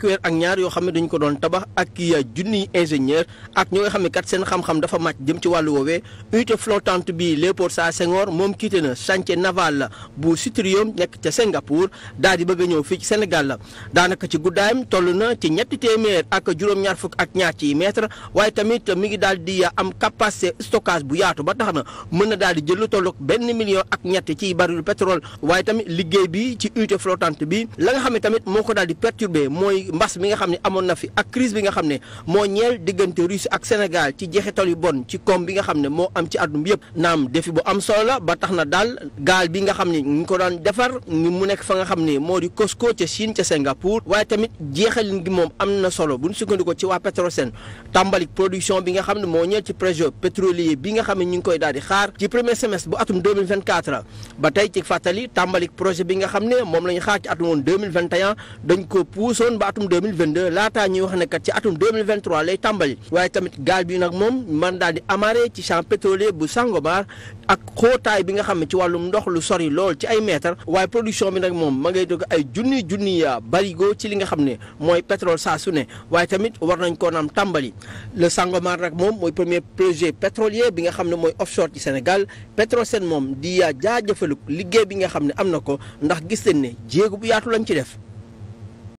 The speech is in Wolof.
fukki ak ñaar yoo xam ne dañu ko doon tabax ak ya junniy ingénieur ak ñoo xam ne kat seen xam-xam dafa màcc jëm ci wàllu woowee unité flottante bi Léopold Sédar Senghor moom quitté na chantier naval bu Citrium nekk ca Singapour daal di bëgg ñëw fii ci Sénégal la daanaka ci guddaayam toll na ci ñetti téeméer ak juróom-ñaar fukk ak ñaar ci mètre waaye tamit mi ngi daal di am capacité stockage bu yaatu ba tax na mën na daal di jël lu ak benn million ak ñett ci baril pétrole waaye tamit liggéey bi ci unité flottante bi la nga xam ne tamit moo ko daal di perturbé mooy mbas mi nga xam ne amoon na fi ak crise bi nga xam ne moo ñeel diggante Russie ak Sénégal ci jeexital yu bon ci koom bi nga xam ne moo am ci àdduna bi naam defi bu am solo ba tax na daal gaal bi nga xam ne ñu ko daan defar mu nekk fa nga xam ne moo di COSCO ca Chine ca Singapour tamit jeexalin gi moom am na solo bu ñu sukkandikoo ci waa Petrosen tàmbali production bi nga xam ne moo ñeel ci projet pétrolier bi nga xam ne ñu ngi koy daal di xaar ci premier semestre bu atum 2024 ba tey ci fàttali tàmbali projet bi nga xam ne moom la ñu xaar ci atum 2021 dañ ko puusoon ba atum atum 2022 laataa ñuy wax ne kat ci atum 2023 lay tàmbali waaye tamit gaal bi nag moom man daal di amarré ci champ pétrolier bu Sangomar ak xootaay bi nga xam ne ci wàllum ndox lu sori lool ci ay mètre waaye production bi nag moom ma ngay dugg ay junni junni barigo ci li nga xam ne mooy pétrole saa su ne waaye tamit war nañ koo naam tàmbali le Sangomar rek moom mooy premier projet pétrolier bi nga xam ne mooy offshore ci Sénégal Petrosen moom di jaajëfalu liggéey bi nga xam ne am na ko ndax gis nañ ne jéego bu yaatu lañ ci def